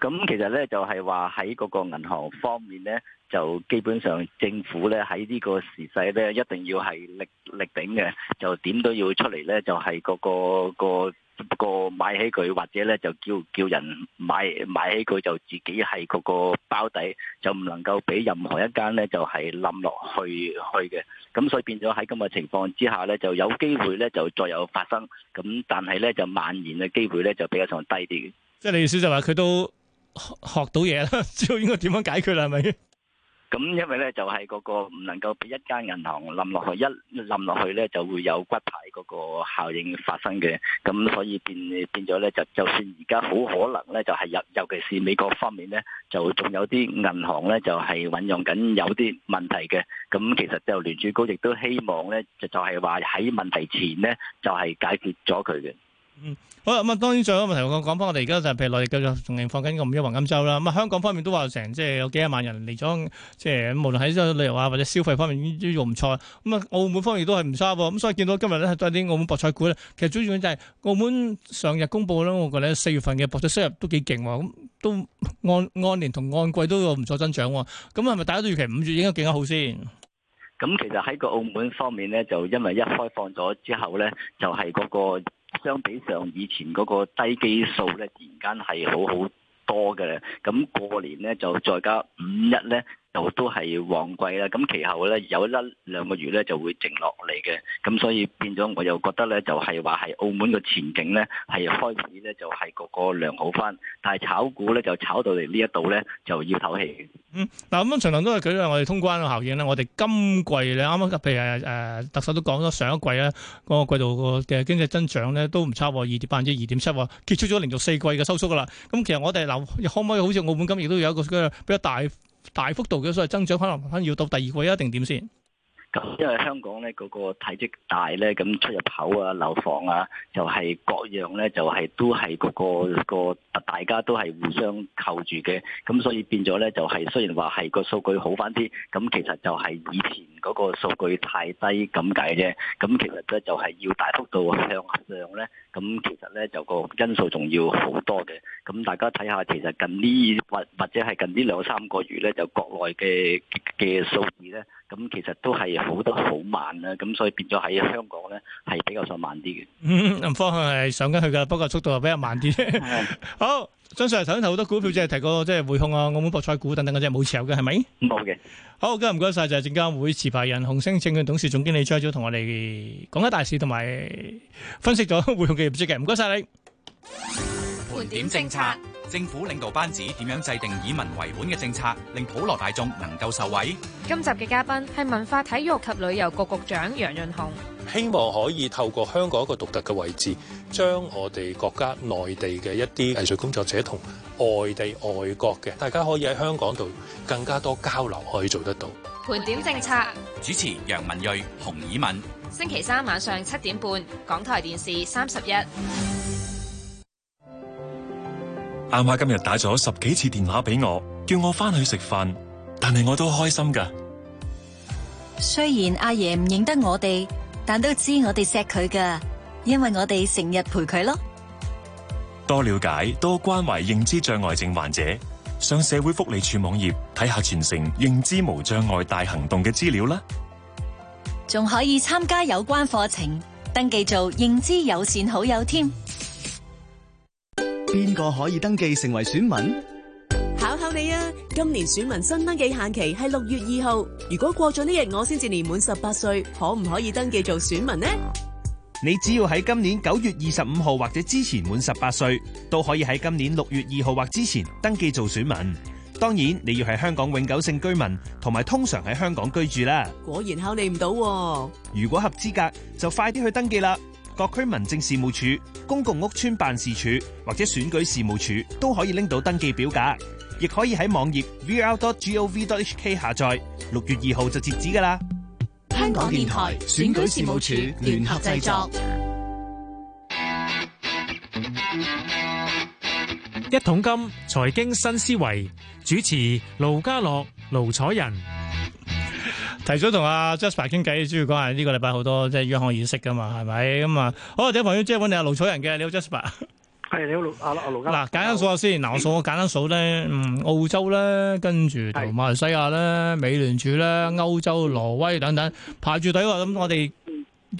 咁、嗯、其實咧就係話喺嗰個銀行方面咧。就基本上政府咧喺呢個時勢咧，一定要係力力頂嘅，就點都要出嚟咧，就係嗰個個個個買起佢，或者咧就叫叫人買買起佢，就自己係嗰個包底，就唔能夠俾任何一間咧就係冧落去去嘅。咁所以變咗喺咁嘅情況之下咧，就有機會咧就再有發生。咁但係咧就蔓延嘅機會咧就比較上低啲嘅。即係你意思就話佢都學到嘢啦，知 (laughs) 道應該點樣解決啦，係咪？咁因為咧，就係嗰個唔能夠俾一間銀行冧落去，一冧落去咧就會有骨牌嗰個效應發生嘅。咁所以變變咗咧，就就算而家好可能咧，就係尤尤其是美國方面咧，就仲有啲銀行咧，就係運用緊有啲問題嘅。咁其實就聯儲局亦都希望咧，就就係話喺問題前咧，就係解決咗佢嘅。嗯，好啦咁啊！當然最後一個問題，我講翻我哋而家就譬如內地繼續仲係放緊個五一黃金周啦。咁啊，香港方面都話成即係有幾百萬人嚟咗，即係無論喺即係旅遊啊或者消費方面都用唔錯。咁啊，澳門方面都係唔差喎。咁所以見到今日咧，對啲澳門博彩股咧，其實最重要就係澳門上日公布咧，我覺得四月份嘅博彩收入都幾勁喎。咁都按按年同按季都有唔錯增長喎。咁係咪大家都預期五月應該更加好先？咁其實喺個澳門方面咧，就因為一開放咗之後咧，就係嗰個。相比上以前嗰個低基數咧，突然間係好好多嘅，咁過年咧就再加五一咧。就都係旺季啦，咁其後咧有一粒兩個月咧就會靜落嚟嘅，咁所以變咗我又覺得咧就係話係澳門個前景咧係開始咧就係個個良好翻，但係炒股咧就炒到嚟呢一度咧就要唞氣。嗯，嗱咁長隆都係舉例，我哋通關嘅效應啦。我哋今季咧啱啱，譬如誒特首都講咗上一季咧嗰、那個季度個嘅經濟增長咧都唔差喎，二百分之二點七，結束咗連續四季嘅收縮噶啦。咁其實我哋嗱可唔可以好似澳門今亦都有一個比較大？大幅度嘅收入增長可能要到第二季一定點先？咁因為香港咧嗰個體積大咧，咁出入口啊、樓房啊，就係、是、各樣咧，就係都係嗰個個大家都係互相扣住嘅，咁所以變咗咧就係雖然話係個數據好翻啲，咁其實就係以前嗰個數據太低咁計啫，咁其實咧就係要大幅度向上咧。咁其實咧就個因素仲要好多嘅，咁大家睇下其實近呢或或者係近呢兩三個月咧，就國內嘅嘅數字咧，咁其實都係好得好慢啦，咁所以變咗喺香港咧係比較上慢啲嘅。嗯，方向係上緊去㗎，不過速度係比較慢啲。嗯、慢 (laughs) 好。張 Sir 頭先投好多股票，即係提過，即係匯控、嗯、啊、澳門博彩股等等，嗰隻冇持有嘅係咪？冇嘅，嗯、好，今日唔該晒，就係證監會持牌人洪、紅星證券董事總經理，Jojo 同我哋講下大市，同埋分析咗匯控嘅業績嘅，唔該晒你。盤點政策。政府領導班子點樣制定以民為本嘅政策，令普羅大眾能夠受惠？今集嘅嘉賓係文化體育及旅遊局局長楊潤雄。希望可以透過香港一個獨特嘅位置，將我哋國家內地嘅一啲藝術工作者同外地外國嘅，大家可以喺香港度更加多交流，可以做得到。盤點政策，主持楊文睿、洪以敏。星期三晚上七點半，港台電視三十一。阿媽今日打咗十幾次電話俾我，叫我翻去食飯，但係我都開心噶。雖然阿爺唔認得我哋，但都知我哋錫佢噶，因為我哋成日陪佢咯。多了解、多關懷認知障礙症患者，上社會福利署網頁睇下全城認知無障礙大行動嘅資料啦，仲可以參加有關課程，登記做認知友善好友添。邊個可以登記成為選民？考考你啊！今年選民新登記限期係六月二號。如果過咗呢日，我先至年滿十八歲，可唔可以登記做選民呢？你只要喺今年九月二十五號或者之前滿十八歲，都可以喺今年六月二號或之前登記做選民。當然，你要係香港永久性居民同埋通常喺香港居住啦。果然考你唔到啊。如果合資格，就快啲去登記啦。各區民政事務處、公共屋邨辦事處或者選舉事務處都可以拎到登記表格，亦可以喺網頁 vr.gov.hk 下載。六月二號就截止噶啦。香港電台、選舉事務處聯合製作，一桶金財經新思維，主持盧家樂、盧彩仁。提早同阿 Jasper 傾偈，主要講下呢個禮拜好多即係央行議息噶嘛，係咪咁啊？好，第一朋友即係揾你阿盧楚人嘅，你好 Jasper。係你好阿阿盧。嗱， (laughs) (noise) 簡單數下先，嗱，我數我簡單數咧，澳洲咧，跟住同馬來西亞咧、美聯儲咧、歐洲、挪威等等排住隊喎。咁我哋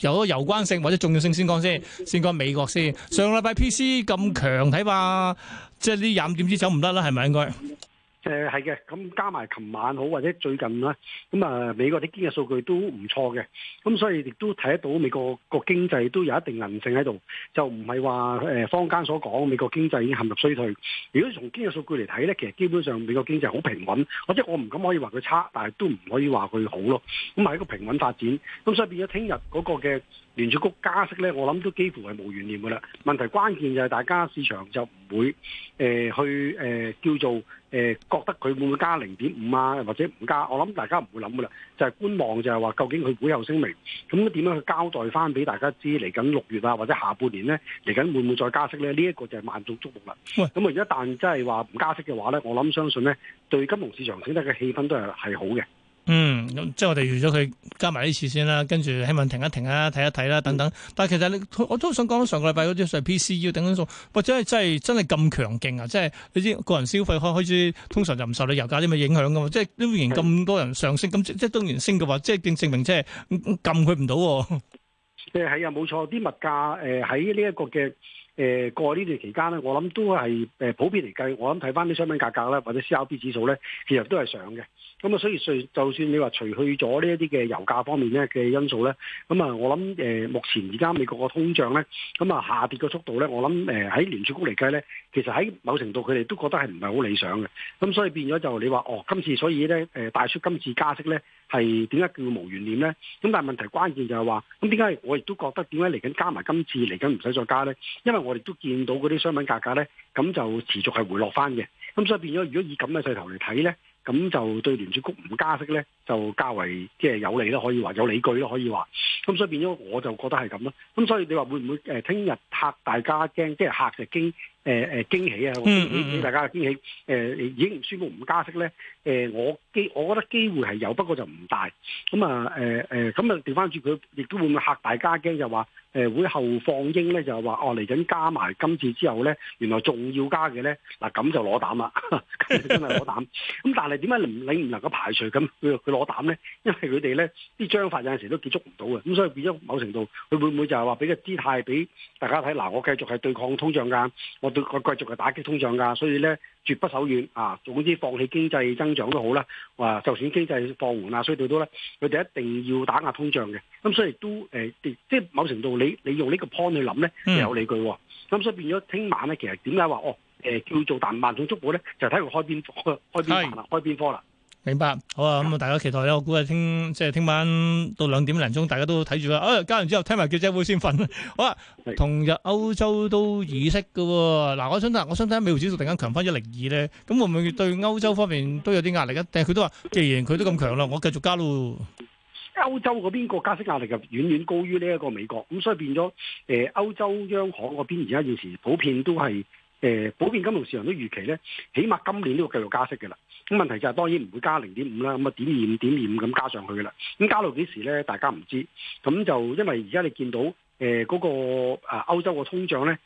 有個有關性或者重要性先講先，先講美國先。上個禮拜 PC 咁強，睇怕即係啲飲點知走唔得啦，係咪應該？誒係嘅，咁加埋琴晚好，或者最近啦，咁啊美國啲經濟數據都唔錯嘅，咁所以亦都睇得到美國個經濟都有一定韌性喺度，就唔係話誒坊間所講美國經濟已經陷入衰退。如果從經濟數據嚟睇咧，其實基本上美國經濟好平穩，或者我唔敢可以話佢差，但係都唔可以話佢好咯，咁係一個平穩發展。咁所以變咗聽日嗰個嘅。聯儲局加息咧，我諗都幾乎係無懸念嘅啦。問題關鍵就係大家市場就唔會誒、呃、去誒、呃、叫做誒、呃、覺得佢會唔會加零點五啊，或者唔加，我諗大家唔會諗嘅啦。就係觀望，就係話究竟佢會有聲明，咁點樣去交代翻俾大家知？嚟緊六月啊，或者下半年咧，嚟緊會唔會再加息咧？呢、這、一個就係萬眾矚目啦。咁啊喂，一旦真係話唔加息嘅話咧，我諗相信咧，對金融市場整體嘅氣氛都係係好嘅。嗯，咁即係我哋預咗佢加埋呢次先啦，跟住希望停一停啊，睇一睇啦，等等。嗯、但係其實你我都想講上個禮拜嗰啲係 P C U 等數，或者係真係真係咁強勁啊！即係你知個人消費開開始通常就唔受你油價啲咩影響噶嘛，即係當然咁多人上升，咁即係當然升嘅話，即係正證明即係撳佢唔到。即係係啊，冇錯、嗯，啲物價誒喺呢一個嘅。誒、呃、過呢段期間咧，我諗都係誒、呃、普遍嚟計，我諗睇返啲商品價格啦，或者 CRB 指數咧，其實都係上嘅。咁、嗯、啊，所以就算你話除去咗呢一啲嘅油價方面咧嘅因素咧，咁、嗯、啊，我諗誒、呃、目前而家美國嘅通脹咧，咁、嗯、啊下跌嘅速度咧，我諗誒喺聯儲局嚟計咧，其實喺某程度佢哋都覺得係唔係好理想嘅。咁、嗯、所以變咗就你話哦，今次所以咧誒、呃、大出今次加息咧。係點解叫無懸念呢？咁但係問題關鍵就係話，咁點解我亦都覺得點解嚟緊加埋今次嚟緊唔使再加呢？因為我哋都見到嗰啲商品價格呢，咁就持續係回落翻嘅。咁所以變咗，如果以咁嘅勢頭嚟睇呢，咁就對聯儲局唔加息呢，就較為即係、就是、有利啦，可以話有理據咯，可以話。咁所以變咗，我就覺得係咁咯。咁所以你話會唔會誒聽日嚇大家驚，即係嚇嘅驚？誒誒驚喜啊，驚喜俾大家嘅驚喜。誒、呃，已經唔舒服唔加息咧。誒、呃，我機我覺得機會係有，不過就唔大。咁、嗯、啊，誒、嗯、誒，咁啊調翻轉佢，亦、嗯、都會唔會嚇大家驚，就話、是、誒會後放鷹咧，就話、是、哦嚟緊加埋今次之後咧，原來仲要加嘅咧。嗱、啊、咁就攞膽啦，真係攞膽。咁但係點解你唔能夠排除咁佢佢攞膽咧？因為佢哋咧啲章法有陣時都結束唔到嘅。咁所以變咗某程度，佢會唔會就係話俾個姿態俾大家睇？嗱、啊，我繼續係對抗通脹噶，對個繼續係打擊通脹噶，所以咧絕不手軟啊，總之放棄經濟增長都好啦。話就算經濟放緩啊，所以到到咧，佢哋一定要打壓通脹嘅。咁所以都誒，即係某程度你你用呢個 point 去諗咧，有理據。咁所以變咗聽晚咧，其實點解話哦誒叫做彈萬眾矚目咧，就睇佢開邊開邊行啦，開邊科啦。明白，好啊！咁、嗯、啊，大家期待咧，我估啊，聽即係聽晚到兩點零鐘，大家都睇住啦。啊、哎，加完之後聽埋記者會先瞓。好啊，是同日歐洲都議息㗎喎。嗱，我想睇，我想睇下美國指數突然間強返一零二咧，咁會唔會對歐洲方面都有啲壓力啊？但係佢都話，既然佢都咁強啦，我繼續加咯。歐洲嗰邊加息壓力就遠遠高於呢一個美國，咁所以變咗誒歐洲央行嗰邊而家現時普遍都係。誒 (music) 普遍金融市場都預期咧，起碼今年都要繼續加息嘅啦。咁問題就係當然唔會加零點五啦，咁啊點二五點二五咁加上去嘅啦。咁加到幾時咧？大家唔知。咁就因為而家你見到誒嗰個啊歐洲個通脹咧，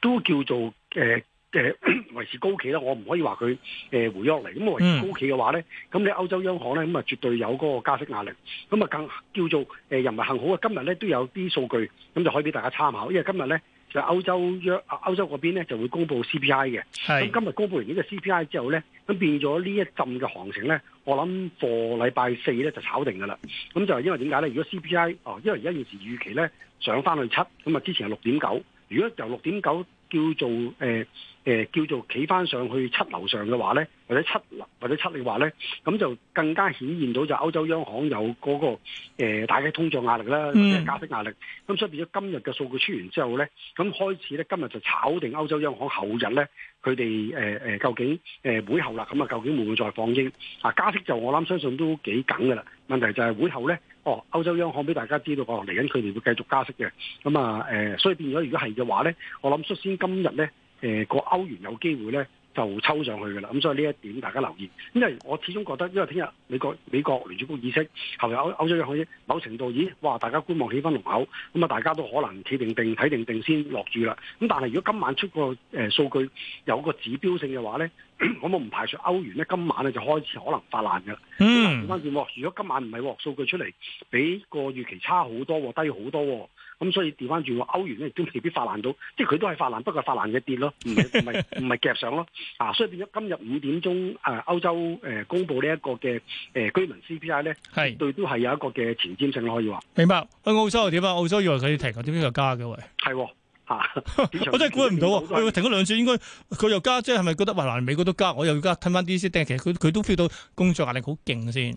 都叫做誒誒維持高企啦。我唔可以話佢誒回落嚟。咁維持高企嘅話咧，咁你歐洲央行咧咁啊絕對有嗰個加息壓力。咁啊更叫做誒又唔幸好啊，今日咧都有啲數據，咁就可以俾大家參考。因為今日咧。歐洲約歐洲嗰邊咧就會公布 CPI 嘅，咁是今日公布完呢個 CPI 之後咧，咁變咗呢一陣嘅行情咧，我諗個禮拜四咧就炒定㗎喇。咁就係因為點解咧？如果 CPI 哦，因為而家現時預期咧上返去七，咁啊之前係六點九，如果由六點九叫做誒。呃誒叫做企翻上去七樓上嘅話咧，或者七樓或者七釐話咧，咁就更加顯現到就歐洲央行有嗰、那個誒、呃、大嘅通脹壓力啦，加息壓力。咁所以變咗今日嘅數據出完之後咧，咁開始咧今日就炒定歐洲央行後日咧佢哋誒誒究竟誒會後啦，咁啊、呃、究竟會唔會，會再放鷹啊加息就我諗相信都幾緊噶啦。問題就係會後咧，哦歐洲央行俾大家知道哦，嚟緊佢哋會繼續加息嘅。咁啊誒，所以變咗如果係、sí、嘅話咧，我諗率先今日咧。誒個、呃、歐元有機會咧就抽上去㗎啦，咁、嗯、所以呢一點大家留意，因為我始終覺得，因為聽日美國美國聯儲局議息，後日歐歐，歐洲央行某程度，咦，哇，大家觀望氣氛濃厚，咁啊，大家都可能企定定睇定定先落住啦。咁但係如果今晚出個誒、呃、數據有個指標性嘅話咧，咁我唔排除歐元咧今晚咧就開始可能發難㗎。嗯。咁反如果今晚唔係、哦、數據出嚟，比個預期差好多、哦，低好多、哦。咁、嗯、所以調翻轉喎，歐元咧都未必發難到，即係佢都係發難，不過發難嘅跌咯，唔係唔係唔係夾上咯，啊！所以變咗今日五點鐘誒、呃、歐洲誒、呃、公佈呢一個嘅誒、呃、居民 CPI 咧，對都係有一個嘅前瞻性咯，可以話。明白。去澳洲又點啊？澳洲以為佢停，點解又加嘅喎？係喎、哦，啊、 (laughs) 我真係估唔到喎，佢停咗兩次，應該佢又加，即係咪覺得華南美國都加，我又加，吞翻啲先。但其實佢佢都 feel 到工作壓力好勁先。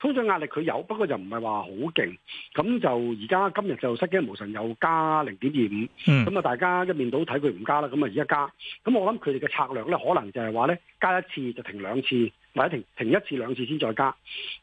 通脹壓力佢有，不過就唔係話好勁。咁就而家今日就失驚無神，又加零點二五。咁啊，大家一面倒睇佢唔加啦。咁啊，而家加。咁我諗佢哋嘅策略咧，可能就係話咧，加一次就停兩次，或者停停一次兩次先再加。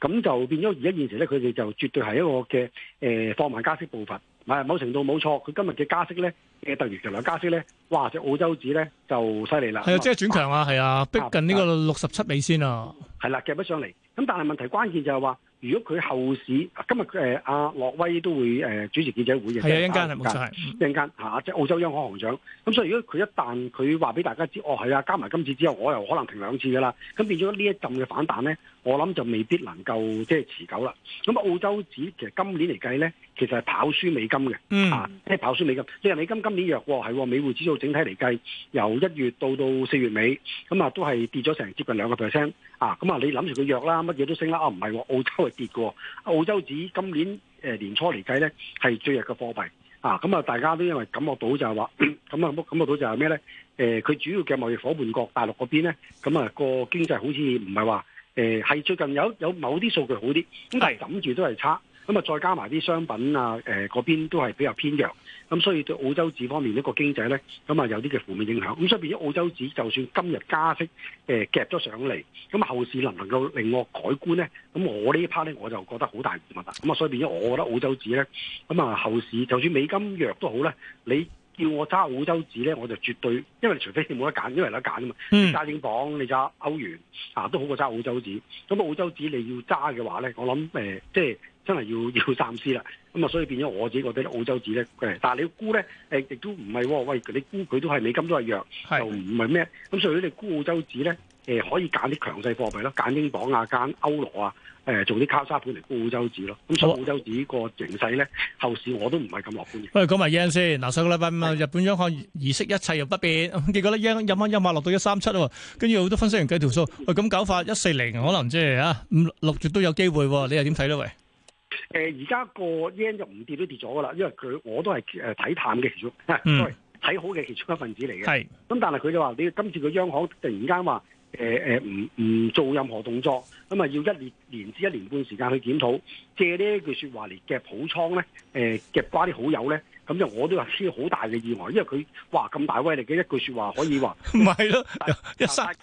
咁就變咗而家現時咧，佢哋就絕對係一個嘅誒、呃、放慢加息步伐。係，唔某程度冇錯。佢今日嘅加息咧，呃、突如其來嘅加息咧，哇！隻澳洲指咧就犀利啦。係、嗯、啊，即係轉強啊，係啊，逼近呢個六十七美仙啊。係啦、啊啊啊啊，夾不上嚟。咁但係問題關鍵就係話。如果佢後市今日誒阿諾威都會誒、呃、主持記者會嘅，係一陣間係冇錯，一陣間嚇，即係澳洲央行行長。咁所以如果佢一旦佢話俾大家知，哦，係啊，加埋今次之後，我又可能停兩次噶啦。咁變咗呢一陣嘅反彈咧，我諗就未必能夠即係持久啦。咁澳洲指其實今年嚟計咧，其實係跑輸美金嘅，嚇、嗯啊，即係跑輸美金。你話美金今年弱喎、哦，係喎，美匯指數整體嚟計，由一月到到四月尾，咁啊都係跌咗成接近兩個 percent。啊，咁啊，你諗住佢弱啦，乜嘢都升啦，啊唔係、哦，澳洲係跌嘅、哦，澳洲紙今年誒、呃、年初嚟計咧係最弱嘅貨幣，啊，咁啊，大家都因為感覺到就係話，咁、呃嗯、啊，感覺到就係咩咧？誒，佢主要嘅貿易伙伴國大陸嗰邊咧，咁啊個經濟好似唔係話誒係最近有有某啲數據好啲，咁但係諗住都係差。咁啊，再加埋啲商品啊，誒、呃、嗰邊都係比較偏弱，咁所以對澳洲紙方面一個經濟咧，咁啊有啲嘅負面影響。咁所以變咗澳洲紙就算今日加息，誒、呃、夾咗上嚟，咁啊後市能唔能夠令我改觀咧？咁我呢一 part 咧，我就覺得好大疑問啦。咁啊，所以變咗我覺得澳洲紙咧，咁啊後市就算美金弱都好咧，你叫我揸澳洲紙咧，我就絕對，因為除非你冇得揀，因為有得揀啊嘛。嗯。揸英鎊，你揸歐元啊，都好過揸澳洲紙。咁澳洲紙你要揸嘅話咧，我諗誒、呃，即係。真係要要三思啦。咁啊，所以變咗我自己覺得澳洲紙咧誒，但係你沽咧誒，亦都唔係喎。喂，你沽佢都係美金都係弱，就唔係咩。咁所以你沽澳洲紙咧誒，可以揀啲強勢貨幣咯，揀英鎊啊，揀歐羅啊，誒做啲卡沙盤嚟沽澳洲紙咯。咁所以澳洲紙個形勢咧，後市我都唔係咁樂觀。喂，講埋 yen 先嗱，上個禮拜嘛，日本央行議息一切又不變，結果咧 yen 日蚊一萬落到一三七喎，跟住好多分析員計條數喂，咁搞法一四零可能即係啊，五六月都有機會喎。你又點睇咧？喂？誒而家個 yen 就唔跌都跌咗噶啦，因為佢我都係誒睇淡嘅其中，睇好嘅其中一份子嚟嘅。係咁是，但係佢就話：你今次個央行突然間話誒誒唔唔做任何動作，咁啊要一年、至一年半時間去檢討，借說呢句説話嚟夾補倉咧，誒、呃、夾瓜啲好友咧，咁就我都話超好大嘅意外，因為佢哇咁大威力嘅一句説話可以話唔係咯，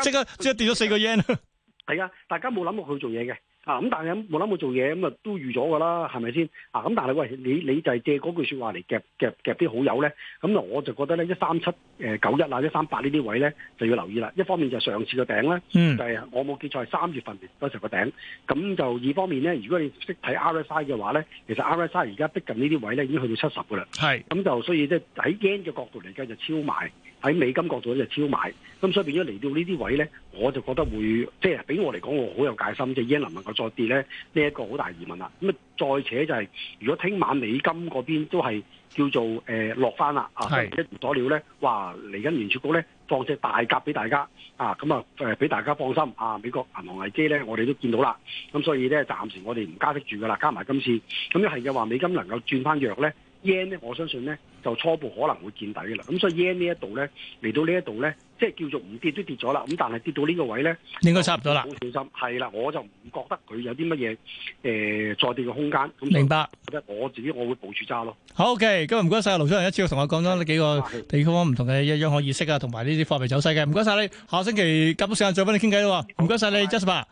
即刻即刻跌咗四個 yen 啦。係啊，大家冇諗過佢做嘢嘅。啊咁但係冇諗冇做嘢咁，啊都預咗噶啦係咪先啊？咁但係喂，你你就係借嗰句說話嚟夾夾夾啲好友咧，咁啊我就覺得咧一三七誒九一啊一三八呢啲位咧，就要留意啦，一方面就上次個頂咧嗯，就係我冇記錯係三月份嗰時個頂。咁就二方面咧，如果你識睇 RSI 嘅話咧，其實 RSI 而家逼近呢啲位咧已經去到七十噶啦係，咁就所以即係喺 Yen 嘅角度嚟計就超買。喺美金角度咧就超賣，咁所以變咗嚟到呢啲位咧，我就覺得會即係俾我嚟講，我好有戒心。即係英鎊能夠再跌咧，呢、這、一個好大疑問啦。咁啊，再且就係、是、如果聽晚美金嗰邊都係叫做誒、呃、落翻啦是啊，一如所料咧，哇！嚟緊聯儲局咧放隻大鴿俾大家啊，咁啊誒俾、啊、大家放心啊。美國銀行危機咧，我哋都見到啦。咁所以咧，暫時我哋唔加息住噶啦，加埋今次。咁如果係嘅話，美金能夠轉翻弱咧？yen 咧，我相信咧就初步可能會見底嘅啦。咁所以 yen 呢一度咧嚟到呢一度咧，即係叫做唔跌都跌咗啦。咁但係跌到呢個位咧，應該差唔多啦。好小心，係啦，我就唔覺得佢有啲乜嘢誒再跌嘅空間。明白。覺得我自己，我會部署揸咯。好，OK，今日唔該曬，劉先生一次同我講咗幾個地方唔同嘅央行意識啊，同埋呢啲貨幣走勢嘅。唔該曬你，下個星期咁時間再揾你傾偈咯。唔該曬你，Jasper，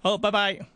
好，拜拜。